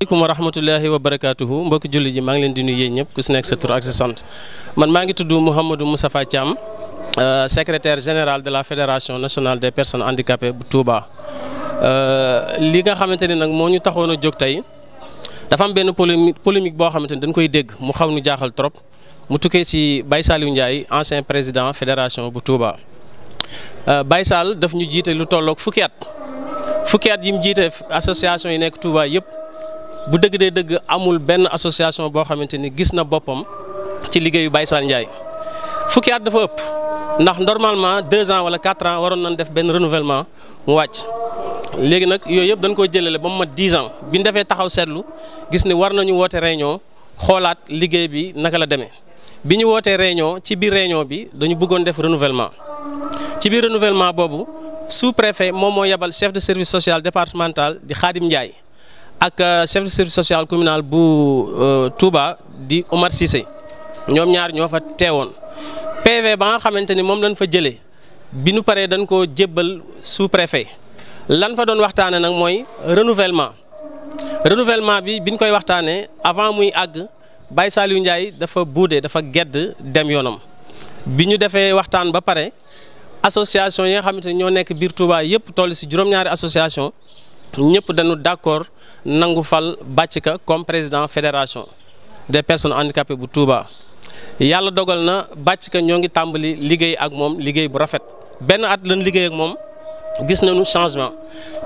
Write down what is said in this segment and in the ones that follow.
aleykum wa rahmatullahi wa barakaatuhu mbokki julli ji maa ngi leen di nuyu yéen ñëpp ku si nekk sa tur ak sa sant man maa ngi tudd Mouhamadou Moustapha Thiam euh, secretaire général de la fédération nationale des personnes handicapées bu Touba. Euh, li nga xamante ni nag moo ñu taxoon a jóg tey dafa am benn polémique polémique boo xamante ni dañ koy dégg mu xaw nu jaaxal trop mu tukkee ci Baye Saliou Ndiaye ancien président fédération bu Touba euh, Baye Sall daf ñu jiite lu tolloog fukki at fukki yi mu jiite association yi nekk Touba yëpp. bu dëgg deug amul ben association bo xamanteni gis na bopam ci liggéeyu Baye sal Ndiaye fukki at dafa ëpp ndax normalement 2 ans wala 4 ans waron nañ def ben renouvellement mu wacc léegi nak yoyep dañ ko jëlale ba mu mat ans bi ñu taxaw seetlu gis ni war nañu woté réunion xolaat liggéey bi naka la demee bi ñu réunion ci biir réunion bi dañu bëggoon def renouvellement ci biir renouvellement bobu sous préfet momo yabal chef de service social départemental di Khadim Ndiaye. ak euh, chef de service social communal bu euh, Touba di Omar Cissé ñoom ñaar ñoo fa teewoon PV ba nga xamante ni moom lañ fa jëlee bi nu paree dañ koo jébbal sous préfet lan fa doon waxtaanee nag mooy renouvellement renouvellement bi bi biñ koy waxtaanee avant muy àgg Baye Saliou Ndiaye dafa buude dafa gedd dem yoonam bi ñu defee waxtaan ba pare association yi nga xamante ni ñoo nekk biir Touba yëpp toll si juróom-ñaari association ñëpp dañu d'accord nangu fal Bathika comme président fédération des personnes handicapées bu Touba. yàlla dogal na Bathika ñoo ngi tàmbali liggéey ak moom liggéey bu rafet benn at lañ liggéey ak moom gis nañu changement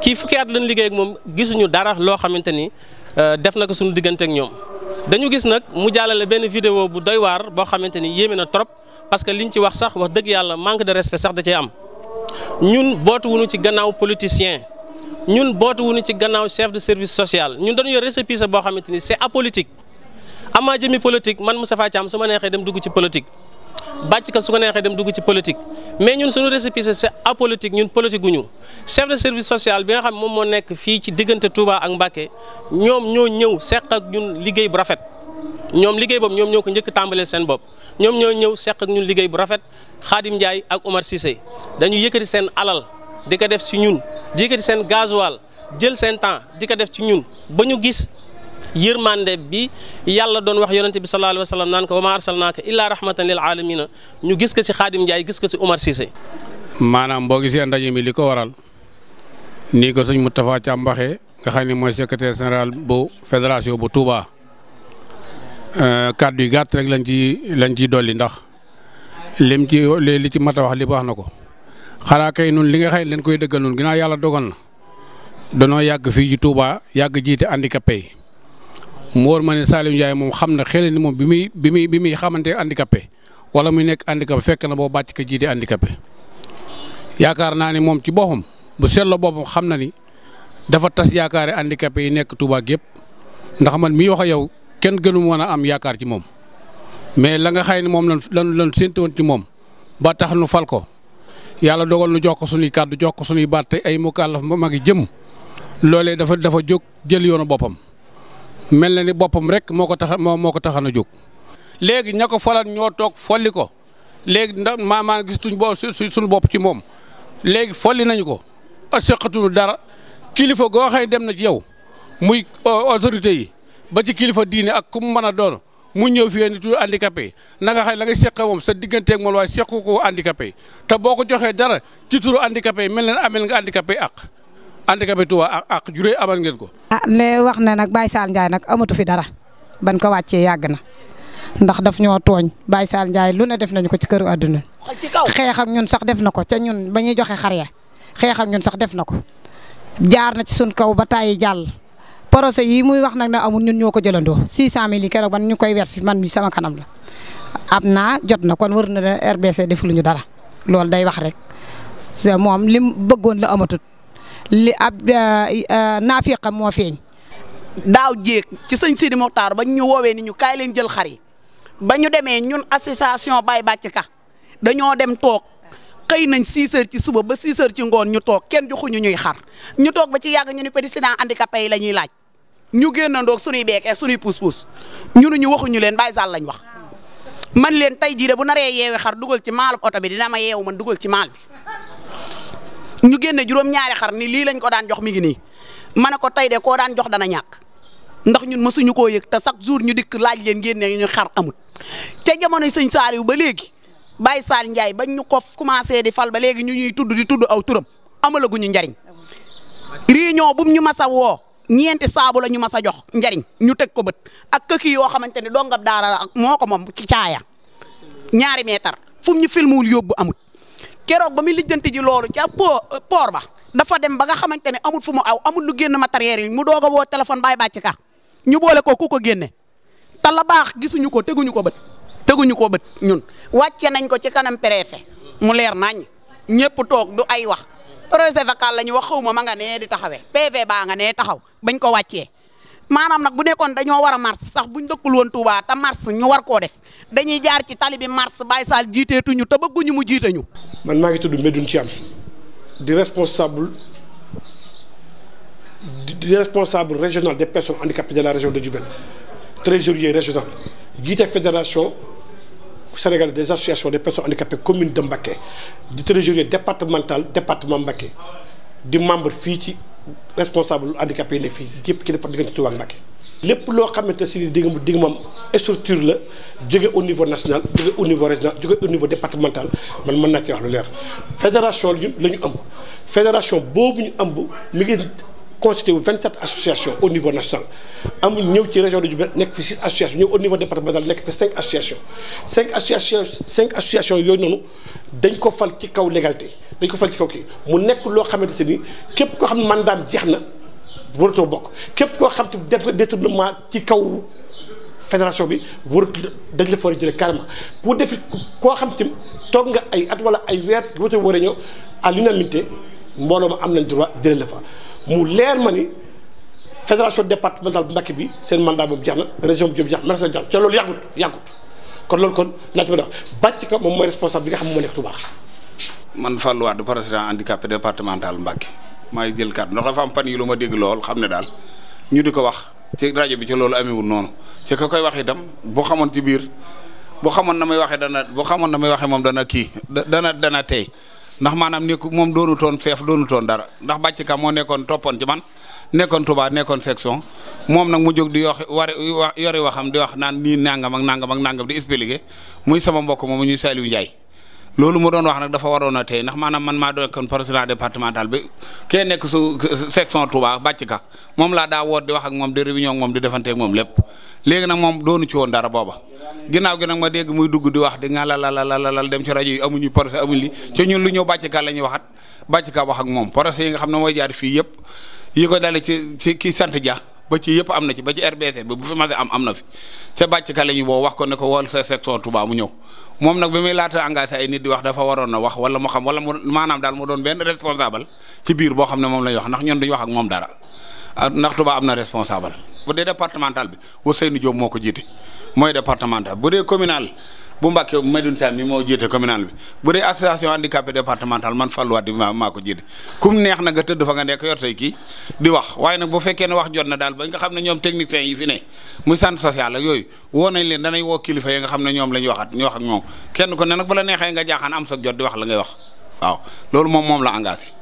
kii fukki at leen liggéey ak moom gisuñu dara loo xamante ni euh, def na ko suñu diggante ak ñoom. dañu gis nag mu jàllale benn vidéo bu doy waar boo xamante ni yéeme na trop parce que liñ ci wax sax wax dëgg yàlla manque de respect sax da cee am ñun bootuwuñu ci gannaaw politicien ñun bootuwuñu ci gannaaw chef de service social ñun dañu yor récépissé boo xamante ni c'est apolitique amaa jëmi politique man Moustapha Thiam su ma neexee dem dugg ci politique bàcc ka su ko neexee dem dugg ci politique mais ñun suñu récépissé c'est apolitique ñun politique guñu chef de service social bi nga xam moom moo nekk fii ci diggante Touba ak Mbacké ñoom ñoo ñëw seq ak ñun liggéey bu rafet ñoom liggéey boobu ñoom ñoo ko njëkk tàmbaleel seen bopp ñoom ñoo ñëw seq ak ñun liggéey bu rafet Khadim Ndiaye ak Omar Cissé dañu seen alal di ko def ci ñun di ko seen gasoil jël seen temps di ko def ci ñun ba ñu gis yërmande bi yàlla doon wax yonente bi sallallahu alayhi wa naan ko wa ma arsalnaaka illaa rahmatan lil alamina ñu gis ko ci Xaadim Njaay gis ko ci Umar Cissé maanaam boo gisee ndaje mi li ko waral nii ko sëñ Moustapha Thiam waxee nga xam ne mooy secrétaire général bu fédération bu Touba euh, kàddu yi gàtt rek lañ ci lañ ciy dolli ndax lim ci li ci mat a wax li wax na ko xanaa kay nun li nga xëy leen koy dëggal nun ginnaaw yàlla dogal na danoo yàgg fii ci tuubaa yàgg jiite handicapé yi mu wóor ma ne Saliou Ndiaye moom xam na xëy ni moom bi muy bi muy bi muy xamante handicapé wala muy nekk handicapé fekk na boo bàcc ka jiite handicapé yaakaar naa ne moom ci boppam bu seetloo boppam xam na ni dafa tas yaakaare handicapé yi nekk Touba gépp ndax man mii wax ak yow kenn gënum woon a am yaakaar ci moom mais la nga xëy ne moom lan lan ci moom ba tax nu fal ko. yàlla dogal nu jox ko suñuy kàddu jox ko suñuy baat te ay mukallaf ma magi jëm loolee dafa dafa jóg jël yoonu boppam mel na ni boppam rek moo ko tax moom moo ko taxan a jóg. léegi ña ko falan ñoo toog folli ko léegi ndax maanaam gistuñ bo suñu bopp ci moom léegi folli nañu ko seqatuñu dara kilifa goo xëy dem na ci yow muy euh, autorité yi ba ci kilifa diine ak ku mu mën a doon. mu ñëw fii ni tudd handicapé na nga xam la nga seq moom sa digganteeg moom waaye seq ko handicapé te boo ko joxee dara ci turu handicapé mel na amel nga handicapé ak handicapé Touba ak ak juree amal ngeen ko. ah ne wax na nag Baye saal Ndiaye nag amatu fi dara ban ko wàccee yàgg na ndax daf ñoo tooñ Baye saal Ndiaye lu ne def nañu ko ci kër àdduna xeex ak ñun sax def na ko ca ñun ba ñuy joxe xar ya xeex ak sax def na ko jaar na ci sun kaw ba tàyyi jàll. procès yii muy wax nag ne amul ñun ñoo ko jëlandoo 600000 yi keroog man ñu koy versi man mi sama kanam la am naa jot na kon war na ne RBC defuñu dara loolu day wax rek moom lim bëggoon la amatut li ab euh, euh, naafiqa moo feeñ. daaw jéeg ci sëñ Sidi taar ba ñu woowee ni ñu kaay leen jël xar yi ba ñu demee ñun association Baye Bàcc Ka dañoo dem toog xëy nañ 6 ci suba ba 6 ci goon ñu toog kenn joxuñu ñuy xar ñu toog ba ci yàgg ñu ni président handicapé yi la ñuy laaj. ñu génnandoog suñuy beek ak suñuy puus-puus ñunu ñu waxuñu leen Baye Sall lañ wax man leen tey jii bu naree yeewi xar dugal ci maalu oto bi dina ma yeewu man dugal ci maal bi ñu génne juróom-ñaari xar ni lii lañ ko daan jox mi ngi nii ma ne ko tey de koo daan jox dana ñàkk ndax ñun mësuñu koo yëg te chaque jour ñu dikk laaj leen génne ñu xar amut ca jamono sëñ Saliou ba léegi Baye Sall Ndiaye bañ ñu ko commencé di fal ba léegi ñu ñuy tudd di tudd aw turam amalaguñu njariñ réunion bu ñu masa woo ñeenti saabu la ñu mas a jox njariñ ñu teg ko bët ak këkki yoo xamante ne dongab daara la moo ko moom ci caaya ñaari meetar fu mu ñu filmuwul yóbbu amut keroog ba muy lijjanti ji loolu ca euh, poor ba dafa dem ba nga xamante ne amul fu mu aw amul lu génn matériel yi mu doog a woo téléphone baa ci ka ñu boole ko ku ko génne te la baax gisuñu ko teguñu ko bët teguñu ko bët ñun wàcce nañ ko ci kanam préfet mu leer nañ ñëpp toog du ay procès verbal la ñu wax xaw ma ma nga ne di taxawee PV baa nga nee taxaw bañ ko wàccee maanaam nag bu nekkoon dañoo war a mars sax buñ dëkkul woon Touba te mars ñu war koo def dañuy jaar ci tali bi mars Baye Sall jiiteetuñu te bëgguñu mu jiite ñu. man maa ngi tudd Medoune Thiam di responsable di responsable régional des personnes handicapées de la région de Diourbel trésorier régional jiite fédération. Sénégal des associations des personnes handicapées communes de Mbacké trésorier départemental département membre responsable handicapé département des structure au niveau national au niveau régional au niveau départemental man fédération fédération constitué 27 associations au niveau national amul ñëw ci région de Diourbel nekk fi 6 associations ñëw au niveau départemental nekk fi 5 associations 5 associations 5 associations yooyu noonu dañ ko fal ci kaw légalité dañ ko fal ci kaw kii mu nekk loo xamante ne nii képp koo xam ne mandaam jeex na waratoo bokk képp koo xam te def détournement ci kaw fédération bi warut dañ la far jëlee karma ku def ko xam te tok nga ay at wala ay weer woote war ñoo ñëw à l'unanimité mbooloo am nañ droit jëlee la fa mu leer ma ni fédération départementale bu Mbacké bi seen mandat boobu jeex na région bi jeex na seen jeex ca loolu yàggut yàggut kon loolu kon naaj bi daal bàcc ka moom mooy responsable bi nga xam moo nekk Touba. man Fallou Wade président handicapé départemental Mbacké maay jël kàddu ndax dafa am ma dégg lool xam ne daal ñu di ko wax ci rajo bi ci loolu amewul noonu ci ka koy wax itam boo xamoon ti biir boo xamoon na may waxee dana boo xamoon na may waxee moom dana kii dana dana tey. ndax maanaam nekk moom doonu toon chef doonu toon dara ndax bàcc ka moo nekkoon toppoon ci man nekkoon Touba nekkoon section moom nag mu jóg di yox wari yori waxam di wax naan nii nangam ak nangam ak nangam di expliqué muy sama mbokk moomu ñuy wi Ndiaye loolu mu doon wax nag dafa waroon a tey ndax maanaam man ma doon président départemental bi kee nekk su section Touba bàcc ka moom laa daa woot di wax ak moom di réunion moom di defanteeg moom lépp léegi nag moom doonu ci woon dara booba ginnaaw gi nag ma dégg muy dugg di wax di nga lalalal dem ci rajo yi amuñu projet amuñu li ci ñun lu ñëw bàcc ka la ñuy waxat bàcc ka wax ak moom projet yi nga xam ne mooy jaar fii yëpp yi ko dale ci ci kii sant ja ba ci yëpp am na ci ba ci RBC ba bu fi mase am am na fi ca bàcc ka la boo wax ko ne ko wol sa section Touba mu ñëw moom nag bi muy laata engagé ay nit di wax dafa waroon na wax wala mu xam wala mu maanaam daal mu doon benn responsable ci biir boo xam ne moom la ñu wax ndax ñun duñu wax ak moom dara ah, ndax Touba am na responsable bu dee départemental bi Ousseynou Diop moo ko jiite mooy départemental bu dee communal bu Mbàkke Medoune Thiam mi moo jiite communal bi bu dee association handicapé départemental man Fallou Wade bi maa maa ko jiite kum neex na a tëdd fa nga nekk yor tey kii di wax waaye nag bu fekkee ne wax jot na daal ba nga xam ne ñoom techniciens yi fi ne muy centre social ak yooyu woo nañ leen danañ woo kilifa yi nga xam ne ñoom la ñu waxat ñu wax ak ñoom kenn ko ne nag bu la neexee nga jaaxaan am sa jot di wax la ngay wax waaw loolu moom moom la engagé